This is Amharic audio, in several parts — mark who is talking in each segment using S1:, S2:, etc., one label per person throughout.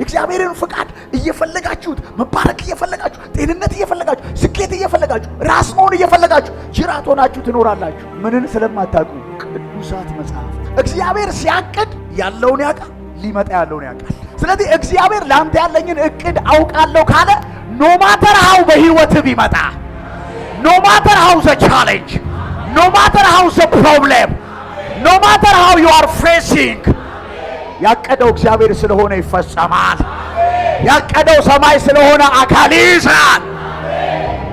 S1: የእግዚአብሔርን ፍቃድ እየፈለጋችሁት መባረክ እየፈለጋችሁ ጤንነት እየፈለጋችሁ ስኬት እየፈለጋችሁ ራስ መሆን እየፈለጋችሁ ጅራት ሆናችሁ ትኖራላችሁ። ምንን ስለማታውቁ ቅዱሳት መጽሐፍ። እግዚአብሔር ሲያቅድ ያለውን ያውቃል፣ ሊመጣ ያለውን ያውቃል። ስለዚህ እግዚአብሔር ለአንተ ያለኝን እቅድ አውቃለሁ ካለ ኖማተር ሀው በህይወት ቢመጣ ኖማተር ሀው ዘ ቻሌንጅ ኖማተር ሀው ዘ ፕሮብሌም ኖማተር ሀው ዩ አር ፌሲንግ ያቀደው እግዚአብሔር ስለሆነ ይፈጸማል። ያቀደው ሰማይ ስለሆነ አካል ይይዛል።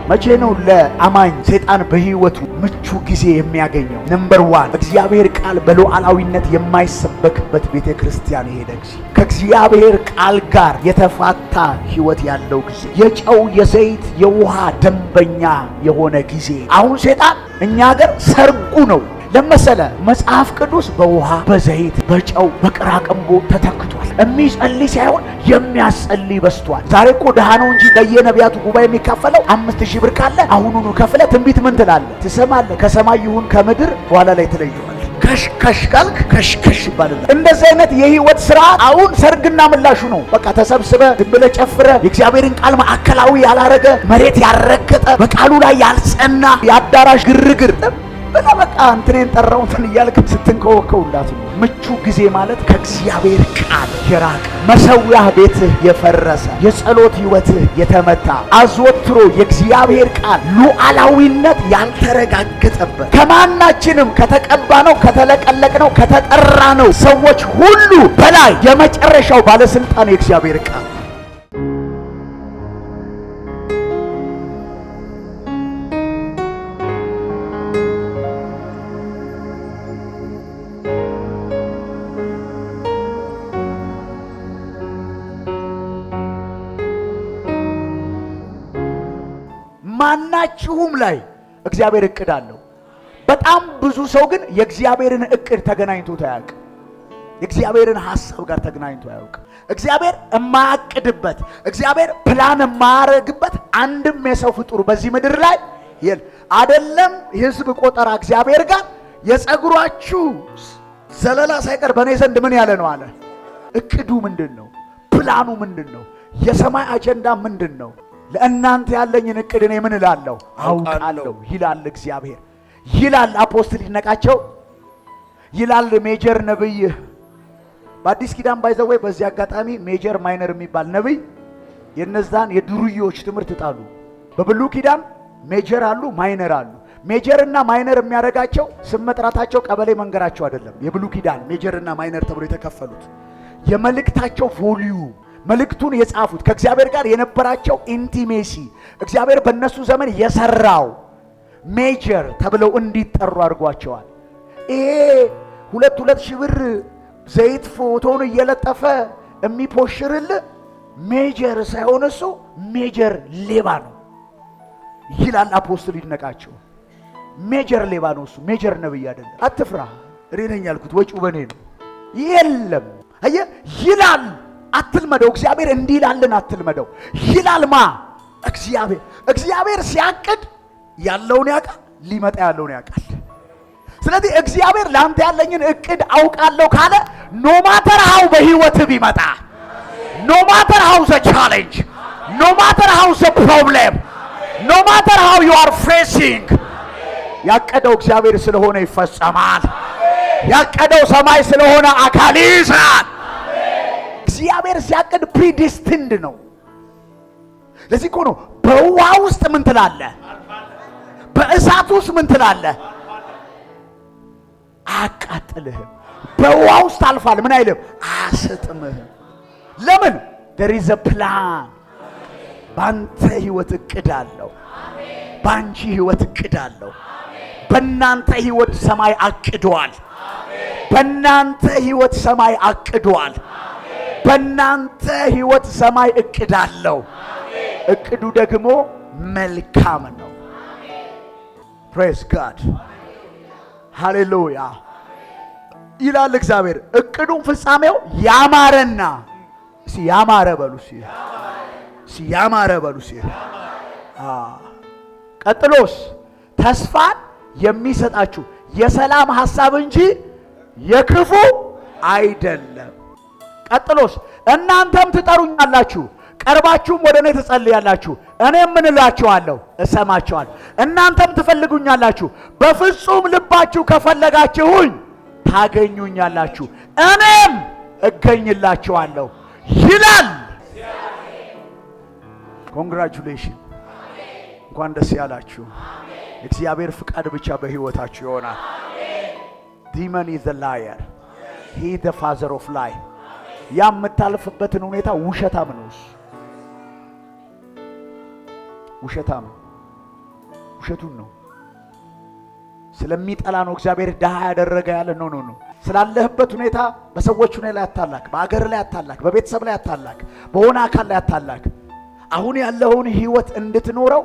S1: መቼ ነው ለአማኝ ሰይጣን በህይወቱ ምቹ ጊዜ የሚያገኘው? ነምበር ዋን እግዚአብሔር ቃል በሉዓላዊነት የማይሰበክበት ቤተ ክርስቲያን የሄደ ጊዜ፣ ከእግዚአብሔር ቃል ጋር የተፋታ ህይወት ያለው ጊዜ፣ የጨው የዘይት የውሃ ደንበኛ የሆነ ጊዜ። አሁን ሰይጣን እኛ ሀገር ሰርጉ ነው ለመሰለ መጽሐፍ ቅዱስ በውሃ በዘይት በጨው በቅራቅንቦ ተተክቷል። የሚጸልይ ሳይሆን የሚያስጸልይ በስቷል። ዛሬ እኮ ድሃ ነው እንጂ ለየነቢያቱ ጉባኤ የሚካፈለው አምስት ሺህ ብር ካለ አሁኑኑ ከፍለ ትንቢት ምን ትላለ ትሰማለ። ከሰማይ ይሁን ከምድር በኋላ ላይ ተለየዋል። ከሽከሽ ካልክ ከሽከሽ ይባላል። እንደዚህ አይነት የህይወት ስራ አሁን ሰርግና ምላሹ ነው። በቃ ተሰብስበ ዝም ብለ ጨፍረ የእግዚአብሔርን ቃል ማዕከላዊ ያላረገ መሬት ያረገጠ በቃሉ ላይ ያልጸና የአዳራሽ ግርግር በቃ በቃ እንትኔን ጠራው እንትን ነው። ምቹ ጊዜ ማለት ከእግዚአብሔር ቃል የራቀ መሰዊያ ቤትህ የፈረሰ የጸሎት ህይወትህ የተመታ አዘወትሮ የእግዚአብሔር ቃል ሉዓላዊነት ያልተረጋገጠበት ከማናችንም ከተቀባ ነው ከተለቀለቅ ነው ከተጠራ ነው ሰዎች ሁሉ በላይ የመጨረሻው ባለስልጣን የእግዚአብሔር ቃል የእግዚአብሔር እቅድ አለው። በጣም ብዙ ሰው ግን የእግዚአብሔርን እቅድ ተገናኝቶ ታያቅ የእግዚአብሔርን ሐሳብ ጋር ተገናኝቶ አያውቅ። እግዚአብሔር የማያቅድበት እግዚአብሔር ፕላን የማያረግበት አንድም የሰው ፍጡር በዚህ ምድር ላይ ይል አይደለም። የህዝብ ቆጠራ እግዚአብሔር ጋር የጸጉሯችሁ ዘለላ ሳይቀር በእኔ ዘንድ ምን ያለ ነው አለ። እቅዱ ምንድን ነው? ፕላኑ ምንድን ነው? የሰማይ አጀንዳ ምንድን ነው? ለእናንተ ያለኝን እቅድ እኔ ምን እላለሁ አውቃለሁ ይላል እግዚአብሔር ይላል አፖስትል ይነቃቸው ይላል ሜጀር ነብይ በአዲስ ኪዳን ባይዘወይ በዚህ አጋጣሚ ሜጀር ማይነር የሚባል ነብይ የነዛን የዱርዮች ትምህርት ጣሉ በብሉ ኪዳን ሜጀር አሉ ማይነር አሉ ሜጀርና ማይነር የሚያደርጋቸው ስም መጥራታቸው ቀበሌ መንገራቸው አይደለም የብሉ ኪዳን ሜጀርና ማይነር ተብሎ የተከፈሉት የመልእክታቸው ቮሊዩም መልእክቱን የጻፉት ከእግዚአብሔር ጋር የነበራቸው ኢንቲሜሲ እግዚአብሔር በእነሱ ዘመን የሰራው ሜጀር ተብለው እንዲጠሩ አድርጓቸዋል። ይሄ ሁለት ሁለት ሺህ ብር ዘይት ፎቶን እየለጠፈ የሚፖሽርል ሜጀር ሳይሆን እሱ ሜጀር ሌባ ነው ይላል አፖስትል ይድነቃቸው። ሜጀር ሌባ ነው እሱ፣ ሜጀር ነብይ አይደለም። አትፍራ፣ እኔ ነኝ ያልኩት፣ ወጪው በእኔ ነው። የለም አየ ይላል አትልመደው። እግዚአብሔር እንዲህ ይላልን አትልመደው ማ እግዚአብሔር እግዚአብሔር ሲያቅድ ያለውን ያውቃል፣ ሊመጣ ያለውን ያውቃል። ስለዚህ እግዚአብሔር ለአንተ ያለኝን እቅድ አውቃለሁ ካለ ኖማተር ሀው በህይወት ቢመጣ ኖማተር ሀው ዘ ቻሌንጅ ኖማተር ሀው ዘ ፕሮብሌም ኖማተር ሀው ዩ አር ፌሲንግ ያቀደው እግዚአብሔር ስለሆነ ይፈጸማል። ያቀደው ሰማይ ስለሆነ አካል ይይዛል። እግዚአብሔር ሲያቅድ ፕሪዲስቲንድ ነው። ለዚህ እኮ ነው በውሃ ውስጥ ምን ትላለህ? በእሳት ውስጥ ምን ትላለህ? አቃጥልህ በውሃ ውስጥ አልፋል፣ ምን አይልም፣ አስጥምህም ለምን? there is a plan ባንተ ህይወት እቅድ አለው። ባንቺ ህይወት እቅድ አለው። በእናንተ ህይወት ሰማይ አቅዷል። በእናንተ ህይወት ሰማይ አቅዷል። በእናንተ ህይወት ሰማይ እቅድ አለው። እቅዱ ደግሞ መልካም ነው። ፕሬስ ጋድ ሃሌሉያ ይላል እግዚአብሔር። እቅዱን ፍጻሜው ያማረና ያማረ በሉ ያማረ በሉ ቀጥሎስ ተስፋን የሚሰጣችሁ የሰላም ሐሳብ እንጂ የክፉ አይደለም። ቀጥሎስ እናንተም ትጠሩኛላችሁ ቀርባችሁም ወደ እኔ ትጸልያላችሁ፣ እኔም ምን እላችኋለሁ እሰማችኋል። እናንተም ትፈልጉኛላችሁ፣ በፍጹም ልባችሁ ከፈለጋችሁኝ ታገኙኛላችሁ፣ እኔም እገኝላችኋለሁ ይላል። ኮንግራቹሌሽን! እንኳን ደስ ያላችሁ። እግዚአብሔር ፍቃድ ብቻ በሕይወታችሁ ይሆናል። ዲመን ኢዝ ላየር ሂ ዘ ፋዘር ኦፍ ላይ ያ የምታልፍበትን ሁኔታ ውሸታም ነው። እሱ ውሸታም ውሸቱን ነው ስለሚጠላ ነው እግዚአብሔር ድሃ ያደረገ ያለ ነው ነው ነው ስላለህበት ሁኔታ በሰዎች ሁኔ ላይ አታላክ፣ በአገር ላይ አታላክ፣ በቤተሰብ ላይ አታላክ፣ በሆነ አካል ላይ አታላክ። አሁን ያለውን ህይወት እንድትኖረው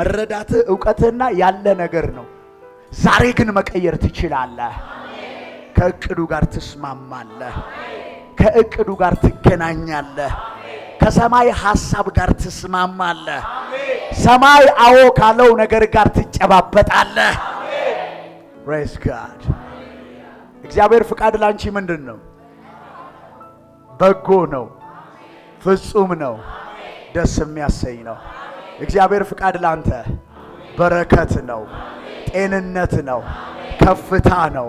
S1: መረዳትህ እውቀትህና ያለ ነገር ነው። ዛሬ ግን መቀየር ትችላለህ። ከእቅዱ ጋር ትስማማለህ። ከእቅዱ ጋር ትገናኛለህ። ከሰማይ ሐሳብ ጋር ትስማማለህ። ሰማይ አዎ ካለው ነገር ጋር ትጨባበጣለህ። ፕሬዝ ጋድ። እግዚአብሔር ፍቃድ ላንቺ ምንድን ነው? በጎ ነው፣ ፍጹም ነው፣ ደስ የሚያሰኝ ነው። እግዚአብሔር ፍቃድ ላንተ በረከት ነው፣ ጤንነት ነው፣ ከፍታ ነው፣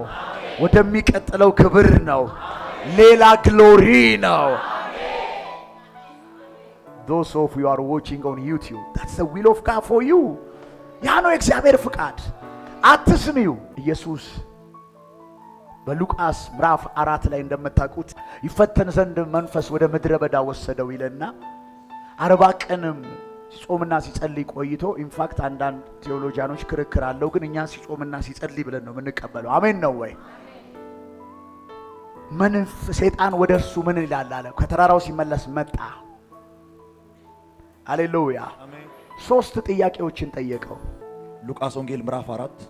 S1: ወደሚቀጥለው ክብር ነው። ሌላ ግሎሪ ነው። ዶስ ኦፍ ዩ አር ዋቺንግ ኦን ዩቲዩብ ዳትስ ዘ ዊል ኦፍ ጋድ ፎር ዩ። ያ ነው የእግዚአብሔር ፍቃድ። አትስንዩ ኢየሱስ በሉቃስ ምዕራፍ አራት ላይ እንደምታውቁት ይፈተን ዘንድ መንፈስ ወደ ምድረ በዳ ወሰደው ይለና አርባ ቀንም ሲጾምና ሲጸልይ ቆይቶ ኢንፋክት አንዳንድ ቴዎሎጂያኖች ክርክር አለው፣ ግን እኛ ሲጾምና ሲጸልይ ብለን ነው የምንቀበለው። አሜን ነው ወይ? ሰይጣን ወደ እርሱ ምን ይላል አለ። ከተራራው ሲመለስ መጣ። አሌሉያ። ሶስት ጥያቄዎችን ጠየቀው። ሉቃስ ወንጌል ምዕራፍ 4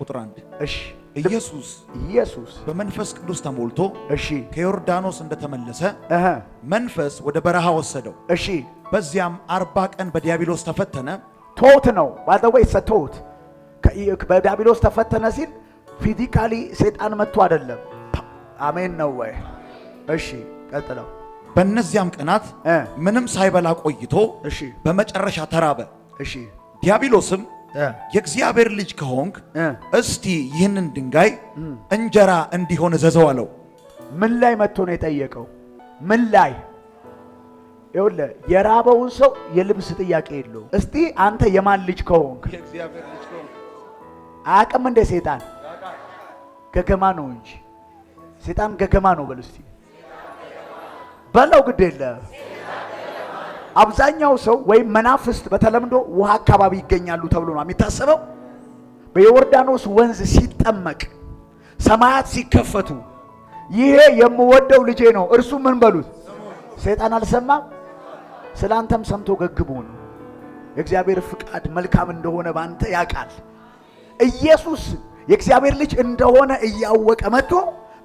S1: ቁጥር 1። እሺ ኢየሱስ ኢየሱስ በመንፈስ ቅዱስ ተሞልቶ እሺ ከዮርዳኖስ እንደተመለሰ መንፈስ ወደ በረሃ ወሰደው። እሺ በዚያም አርባ ቀን በዲያብሎስ ተፈተነ። ቶት ነው ባዘወይ ሰቶት በዲያብሎስ ተፈተነ ሲል ፊዚካሊ ሰይጣን መጥቶ አይደለም አሜን ነው ወይ? እሺ፣ ቀጥለው። በእነዚያም ቀናት ምንም ሳይበላ ቆይቶ በመጨረሻ ተራበ። እሺ፣ ዲያብሎስም የእግዚአብሔር ልጅ ከሆንክ እስቲ ይህንን ድንጋይ እንጀራ እንዲሆን እዘዘው አለው። ምን ላይ መጥቶ ነው የጠየቀው? ምን ላይ ይኸውልህ የራበውን ሰው የልብስ ጥያቄ የለውም። እስቲ አንተ የማን ልጅ ከሆንክ አቅም እንደ ሴጣን ገገማ ነው እንጂ ሴጣን ገገማ ነው በል እስቲ በለው ግድ የለ። አብዛኛው ሰው ወይም መናፍስት በተለምዶ ውሃ አካባቢ ይገኛሉ ተብሎ ነው የሚታሰበው። በዮርዳኖስ ወንዝ ሲጠመቅ ሰማያት ሲከፈቱ ይሄ የምወደው ልጄ ነው እርሱ ምን በሉት። ሰይጣን አልሰማም፣ ስለ አንተም ሰምቶ ገግቡን? የእግዚአብሔር ፍቃድ መልካም እንደሆነ በአንተ ያውቃል። ኢየሱስ የእግዚአብሔር ልጅ እንደሆነ እያወቀ መጥቶ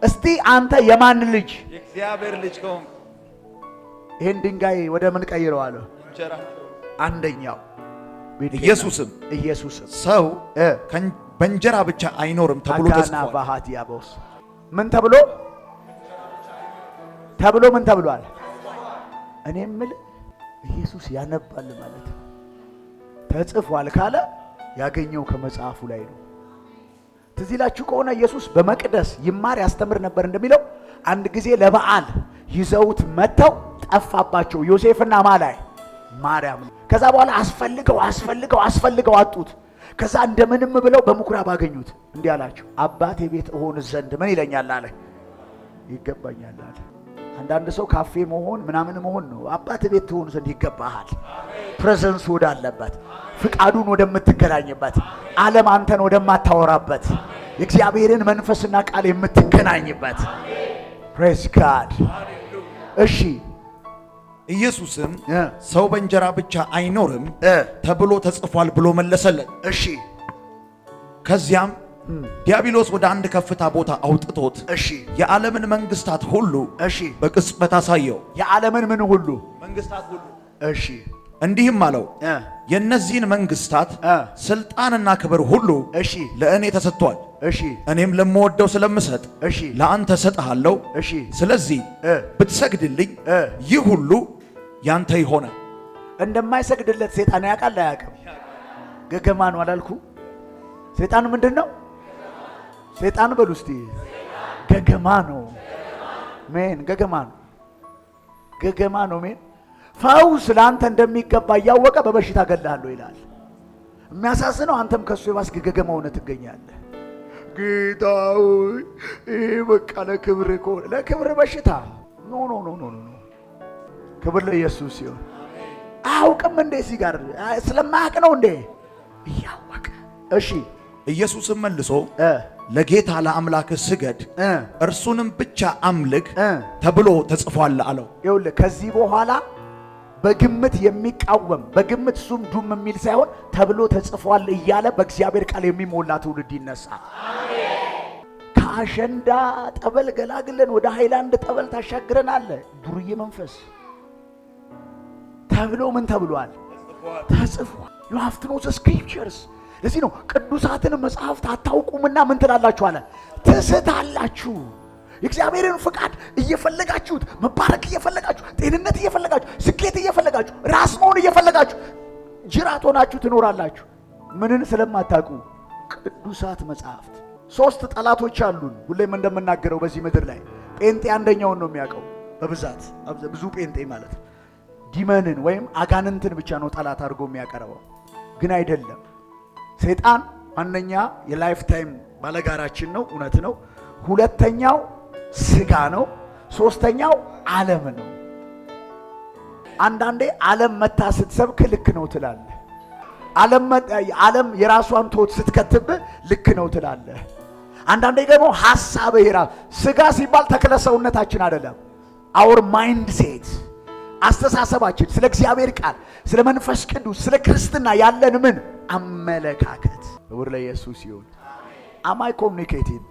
S1: እስቲ አንተ የማን ልጅ? የእግዚአብሔር ልጅ ከሆንክ ይህን ድንጋይ ወደ ምን ቀይረው? አለ አንደኛው ኢየሱስም ኢየሱስም ሰው በእንጀራ ብቻ አይኖርም ተብሎ ተጽፏል። ባሃቲያቦስ ምን ተብሎ ተብሎ ምን ተብሏል? እኔ ምል ኢየሱስ ያነባል ማለት ተጽፏል ካለ ያገኘው ከመጽሐፉ ላይ ነው። ትዝ ይላችሁ ከሆነ ኢየሱስ በመቅደስ ይማር ያስተምር ነበር እንደሚለው አንድ ጊዜ ለበዓል ይዘውት መጥተው ጠፋባቸው። ዮሴፍና ማላይ ማርያም። ከዛ በኋላ አስፈልገው አስፈልገው አስፈልገው አጡት። ከዛ እንደምንም ብለው በምኩራብ አገኙት። እንዲህ አላቸው፣ አባቴ ቤት እሆን ዘንድ ምን ይለኛል አለ ይገባኛል አለ። አንዳንድ ሰው ካፌ መሆን ምናምን መሆን ነው። አባቴ ቤት ትሆን ዘንድ ይገባሃል። ፕሬዘንስ ወዳለበት ፍቃዱን ወደምትገናኝበት ዓለም አንተን ወደማታወራበት የእግዚአብሔርን መንፈስና ቃል የምትገናኝበት ፕሬስ ጋድ። እሺ ኢየሱስም ሰው በእንጀራ ብቻ አይኖርም ተብሎ ተጽፏል ብሎ መለሰለት። እሺ ከዚያም ዲያብሎስ ወደ አንድ ከፍታ ቦታ አውጥቶት እሺ የዓለምን መንግስታት ሁሉ እሺ በቅጽበት አሳየው። የዓለምን ምን ሁሉ መንግስታት ሁሉ እሺ እንዲህም አለው የእነዚህን መንግስታት ስልጣንና ክብር ሁሉ እሺ ለእኔ ተሰጥቷል። እሺ እኔም ለምወደው ስለምሰጥ እሺ ለአንተ እሰጥሃለሁ። እሺ ስለዚህ ብትሰግድልኝ ይህ ሁሉ ያንተ ይሆነ። እንደማይሰግድለት ሴጣን ያውቃል አያውቅም? ገገማ ነው አላልኩ? ሴጣን ምንድን ነው? ሴጣን በሉ እስቲ ገገማ ነው። ሜን ገገማ ነው። ገገማ ነው ሜን ፈውስ ለአንተ እንደሚገባ እያወቀ በበሽታ ገላለሁ ይላል። የሚያሳዝነው አንተም ከሱ የባስ ገገማ ሆነ ትገኛለህ። ጌታዊ ይህ በቃ ለክብር ከሆነ ለክብር በሽታ ኖ ኖ ኖ ኖ ኖ ክብር ለኢየሱስ ሲሆን አውቅም እንዴ እዚህ ጋር ስለማያውቅ ነው እንዴ እያወቀ እሺ ኢየሱስም መልሶ ለጌታ ለአምላክ ስገድ እርሱንም ብቻ አምልክ ተብሎ ተጽፏል አለው። ይኸውልህ ከዚህ በኋላ በግምት የሚቃወም በግምት ሱም ዱም የሚል ሳይሆን ተብሎ ተጽፏል እያለ በእግዚአብሔር ቃል የሚሞላ ትውልድ ይነሳ ከአሸንዳ ጠበል ገላግለን ወደ ሃይላንድ ጠበል አለ ዱርዬ መንፈስ ተብሎ ምን ተብሏል? ተጽፏል። ዩ ስክሪፕቸርስ። ለዚህ ነው ቅዱሳትን መጽሐፍት አታውቁምና ምን ትላላችሁ አለ ትስታላችሁ። የእግዚአብሔርን ፍቃድ እየፈለጋችሁት፣ መባረክ እየፈለጋችሁ፣ ጤንነት እየፈለጋችሁ፣ ስኬት እየፈለጋችሁ፣ ራስ መሆን እየፈለጋችሁ ጅራት ሆናችሁ ትኖራላችሁ። ምንን ስለማታውቁ ቅዱሳት መጽሐፍት። ሶስት ጠላቶች አሉን። ሁሌም እንደምናገረው በዚህ ምድር ላይ ጴንጤ አንደኛውን ነው የሚያውቀው በብዛት ብዙ ጴንጤ ማለት ነው። ዲመንን ወይም አጋንንትን ብቻ ነው ጠላት አድርጎ የሚያቀርበው፣ ግን አይደለም። ሰይጣን ዋነኛ የላይፍ ታይም ባለጋራችን ነው፣ እውነት ነው። ሁለተኛው ስጋ ነው። ሶስተኛው ዓለም ነው። አንዳንዴ ዓለም መታ ስትሰብክ ልክ ነው ትላለህ። ዓለም የራሷን ትወት ስትከትብህ ልክ ነው ትላለህ። አንዳንዴ ደግሞ ሀሳብ የራሱ ስጋ ሲባል ተክለ ሰውነታችን አይደለም። አውር ማይንድ ሴት አስተሳሰባችን፣ ስለ እግዚአብሔር ቃል፣ ስለ መንፈስ ቅዱስ፣ ስለ ክርስትና ያለን ምን አመለካከት። ክብር ለኢየሱስ ይሁን። አማይ ኮሚኒኬቲንግ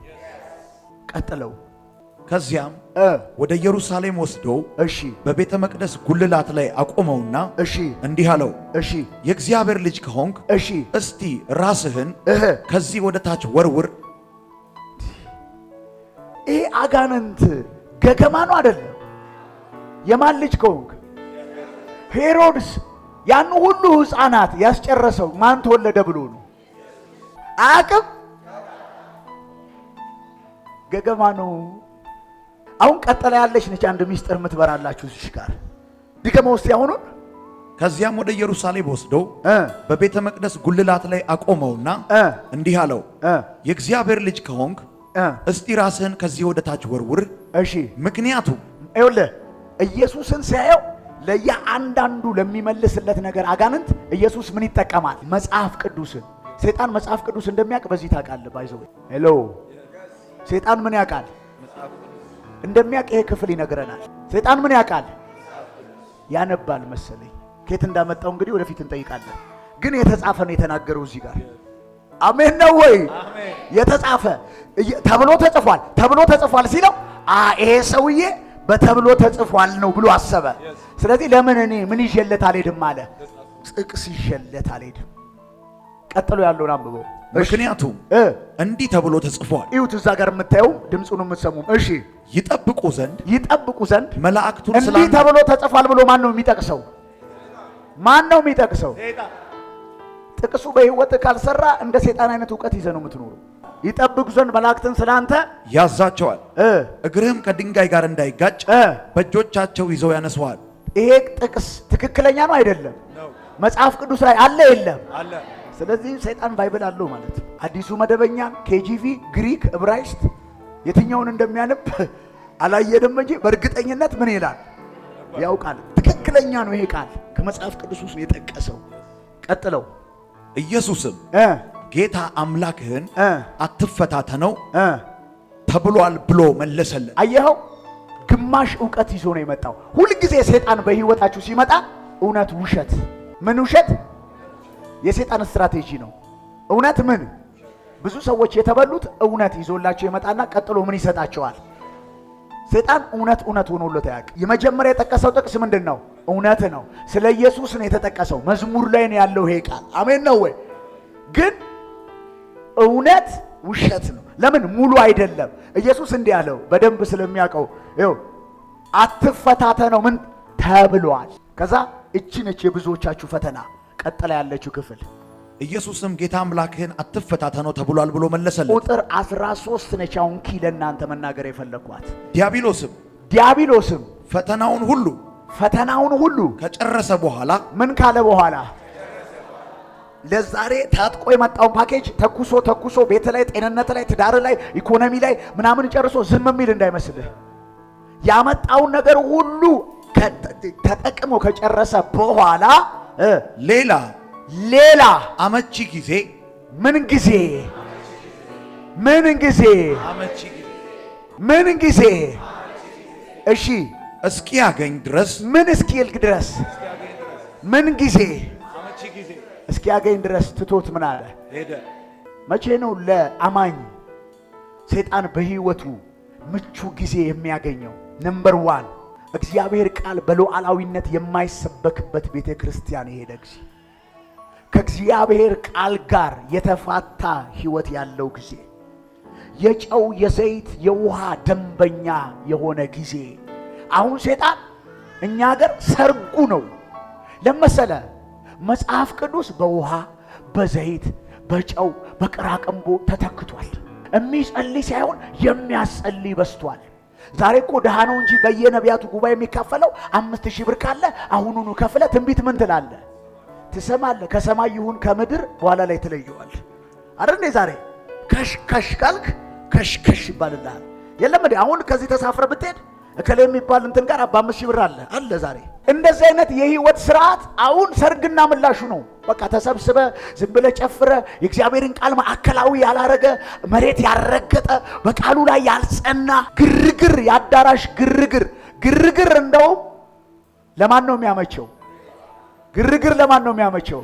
S1: ቀጥለው ከዚያም ወደ ኢየሩሳሌም ወስደው እሺ በቤተ መቅደስ ጉልላት ላይ አቆመውና እሺ እንዲህ አለው፣ እሺ የእግዚአብሔር ልጅ ከሆንክ እሺ እስቲ ራስህን እህ ከዚህ ወደ ታች ወርውር። ይህ አጋንንት ገገማ ነው አይደለም። የማን ልጅ ከሆንክ ሄሮድስ ያን ሁሉ ህፃናት ያስጨረሰው ማን ተወለደ ብሎ ነው። አቅም ገገማ ነው። አሁን ቀጠለ ያለች ነች አንድ ሚስጥር የምትበራላችሁ እዚህ ጋር ድገመው እስቲ አሁኑን። ከዚያም ወደ ኢየሩሳሌም ወስደው በቤተ መቅደስ ጉልላት ላይ አቆመውና እንዲህ አለው፣ የእግዚአብሔር ልጅ ከሆንክ እስቲ ራስህን ከዚህ ወደ ታች ወርውር። እሺ፣ ምክንያቱ ይኸውልህ ኢየሱስን ሲያየው ለየአንዳንዱ ለሚመልስለት ነገር አጋንንት ኢየሱስ ምን ይጠቀማል? መጽሐፍ ቅዱስን። ሴጣን መጽሐፍ ቅዱስ እንደሚያውቅ በዚህ ታውቃለህ። ባይዘው ሄሎ፣ ሴጣን ምን ያውቃል? እንደሚያውቅ ይሄ ክፍል ይነግረናል። ሰይጣን ምን ያውቃል? ያነባል መሰለኝ። ከየት እንዳመጣው እንግዲህ ወደፊት እንጠይቃለን። ግን የተጻፈ ነው የተናገረው እዚህ ጋር አሜን ነው ወይ? የተጻፈ ተብሎ ተጽፏል ተብሎ ተጽፏል ሲለው ይሄ ሰውዬ በተብሎ ተጽፏል ነው ብሎ አሰበ። ስለዚህ ለምን እኔ ምን ይዤለት አልሄድም አለ። ጥቅስ ይዤለት አልሄድም ቀጥሎ ያለውን አንብበው። ምክንያቱም እንዲህ ተብሎ ተጽፏል። እዩት፣ እዛ ጋር የምታየው ድምፁን የምትሰሙ። እሺ፣ ይጠብቁ ዘንድ ይጠብቁ ዘንድ መላእክቱ እንዲህ ተብሎ ተጽፏል ብሎ ማን ነው የሚጠቅሰው? ማን ነው የሚጠቅሰው? ጥቅሱ በህይወት ካልሰራ እንደ ሴጣን አይነት እውቀት ይዘ ነው የምትኖሩ። ይጠብቁ ዘንድ መላእክትን ስላንተ ያዛቸዋል፣ እግርህም ከድንጋይ ጋር እንዳይጋጭ በእጆቻቸው ይዘው ያነሰዋል። ይሄ ጥቅስ ትክክለኛ ነው አይደለም? መጽሐፍ ቅዱስ ላይ አለ የለም? ስለዚህ ሰይጣን ባይብል አለው ማለት ነው። አዲሱ መደበኛ ኬጂቪ ግሪክ፣ እብራይስት የትኛውን እንደሚያነብ አላየንም እንጂ በእርግጠኝነት ምን ይላል ያውቃል። ትክክለኛ ነው ይሄ ቃል ከመጽሐፍ ቅዱስ ውስጥ የጠቀሰው። ቀጥለው ኢየሱስም ጌታ አምላክህን አትፈታተነው ተብሏል ብሎ መለሰለን አየኸው፣ ግማሽ እውቀት ይዞ ነው የመጣው። ሁልጊዜ ሰይጣን በህይወታችሁ ሲመጣ እውነት ውሸት ምን ውሸት የሴጣን ስትራቴጂ ነው። እውነት ምን ብዙ ሰዎች የተበሉት እውነት ይዞላቸው ይመጣና ቀጥሎ ምን ይሰጣቸዋል? ሴጣን እውነት እውነት ሆኖለት ያውቅ። የመጀመሪያ የጠቀሰው ጥቅስ ምንድን ነው? እውነት ነው። ስለ ኢየሱስ ነው የተጠቀሰው። መዝሙር ላይ ነው ያለው ይሄ ቃል። አሜን ነው ወይ? ግን እውነት ውሸት ነው። ለምን ሙሉ አይደለም። ኢየሱስ እንዲህ ያለው በደንብ ስለሚያውቀው ይኸው አትፈታተነው ምን ተብሏል። ከዛ እቺ ነች የብዙዎቻችሁ ፈተና ቀጥለ ያለችው ክፍል ኢየሱስም ጌታ አምላክህን አትፈታተነው ተብሏል ብሎ መለሰለት። ቁጥር 13 ነች። አሁን ኪ ለእናንተ መናገር የፈለግኳት ዲያብሎስም ዲያብሎስም ፈተናውን ሁሉ ፈተናውን ሁሉ ከጨረሰ በኋላ ምን ካለ በኋላ ለዛሬ ታጥቆ የመጣውን ፓኬጅ ተኩሶ ተኩሶ ቤት ላይ፣ ጤንነት ላይ፣ ትዳር ላይ፣ ኢኮኖሚ ላይ ምናምን ጨርሶ ዝም የሚል እንዳይመስልህ ያመጣውን ነገር ሁሉ ተጠቅሞ ከጨረሰ በኋላ ሌላ ሌላ አመቺ ጊዜ ምን ጊዜ ምን ጊዜ ምን ጊዜ እሺ እስኪ ያገኝ ድረስ ምን እስኪ ይልቅ ድረስ ምን ጊዜ እስኪ ያገኝ ድረስ ትቶት ምን አለ ሄደ። መቼ ነው ለአማኝ ሰይጣን በህይወቱ ምቹ ጊዜ የሚያገኘው? ነምበር ዋን እግዚአብሔር ቃል በሉዓላዊነት የማይሰበክበት ቤተ ክርስቲያን የሄደ ጊዜ ከእግዚአብሔር ቃል ጋር የተፋታ ሕይወት ያለው ጊዜ የጨው የዘይት የውሃ ደንበኛ የሆነ ጊዜ። አሁን ሴጣን እኛ ገር ሰርጉ ነው ለመሰለ መጽሐፍ ቅዱስ በውሃ በዘይት በጨው በቅራቅንቦ ተተክቷል። የሚጸልይ ሳይሆን የሚያስጸልይ በስቷል። ዛሬ እኮ ድሃ ነው እንጂ በየነቢያቱ ጉባኤ የሚካፈለው አምስት ሺህ ብር ካለ አሁኑኑ ከፍለ ትንቢት ምን ትላለ ትሰማለ። ከሰማይ ይሁን ከምድር በኋላ ላይ ትለየዋል። አረንዴ ዛሬ ከሽከሽ ካልክ ከሽከሽ ይባልልሃል። የለም እንዴ? አሁን ከዚህ ተሳፍረ ብትሄድ እከሌ የሚባል እንትን ጋር አባ አምስት ሺህ ብር አለ አለ ዛሬ እንደዚህ አይነት የህይወት ስርዓት አሁን ሰርግና ምላሹ ነው። በቃ ተሰብስበ ዝም ብለ ጨፍረ የእግዚአብሔርን ቃል ማዕከላዊ ያላረገ መሬት ያረገጠ በቃሉ ላይ ያልጸና ግርግር፣ የአዳራሽ ግርግር ግርግር እንደው ለማን ነው የሚያመቸው? ግርግር ለማን ነው የሚያመቸው?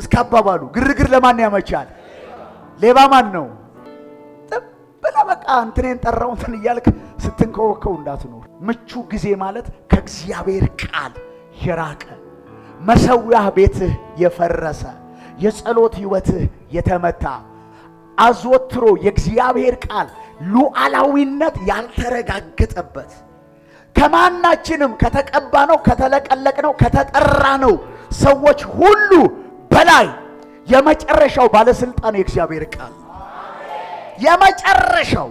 S1: እስከ አባባሉ ግርግር ለማን ያመቻል? ሌባ ማን ነው? ብለህ በቃ እንትኔን ጠራው እንትን እያልክ ስትንከወከው እንዳትኖር። ምቹ ጊዜ ማለት ከእግዚአብሔር ቃል የራቀ መሰዊያህ ቤትህ የፈረሰ የጸሎት ህይወትህ የተመታ አዘወትሮ የእግዚአብሔር ቃል ሉዓላዊነት ያልተረጋገጠበት ከማናችንም ከተቀባ ነው ከተለቀለቅ ነው ከተጠራ ነው ሰዎች ሁሉ በላይ የመጨረሻው ባለስልጣን የእግዚአብሔር ቃል የመጨረሻው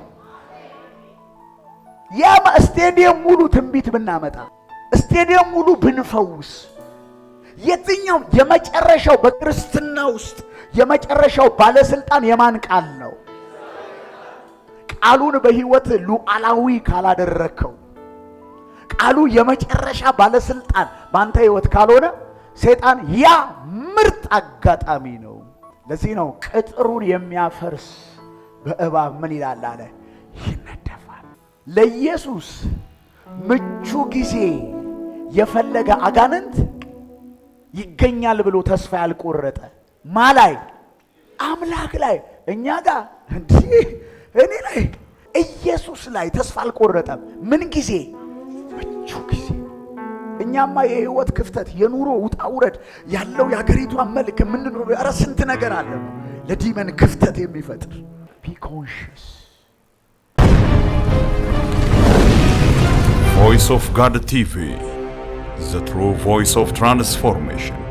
S1: ስቴዲየም ሙሉ ትንቢት ብናመጣ ስቴዲየም ሙሉ ብንፈውስ የትኛው የመጨረሻው በክርስትና ውስጥ የመጨረሻው ባለስልጣን የማን ቃል ነው? ቃሉን በህይወት ሉዓላዊ ካላደረከው? ቃሉ የመጨረሻ ባለስልጣን በአንተ ህይወት ካልሆነ ሰይጣን ያ ምርጥ አጋጣሚ ነው። ለዚህ ነው ቅጥሩን የሚያፈርስ በእባብ ምን ይላል አለ ይነደፋል። ለኢየሱስ ምቹ ጊዜ የፈለገ አጋንንት ይገኛል ብሎ ተስፋ ያልቆረጠ ማ ላይ አምላክ ላይ እኛ ጋር እንዲህ እኔ ላይ ኢየሱስ ላይ ተስፋ አልቆረጠም። ምን ጊዜ ምቹ ጊዜ እኛማ የህይወት ክፍተት የኑሮ ውጣውረድ ያለው የሀገሪቷን መልክ የምንኖረው ኧረ ስንት ነገር አለ ለዲመን ክፍተት የሚፈጥር Be conscious. Voice of God TV, the true voice of transformation.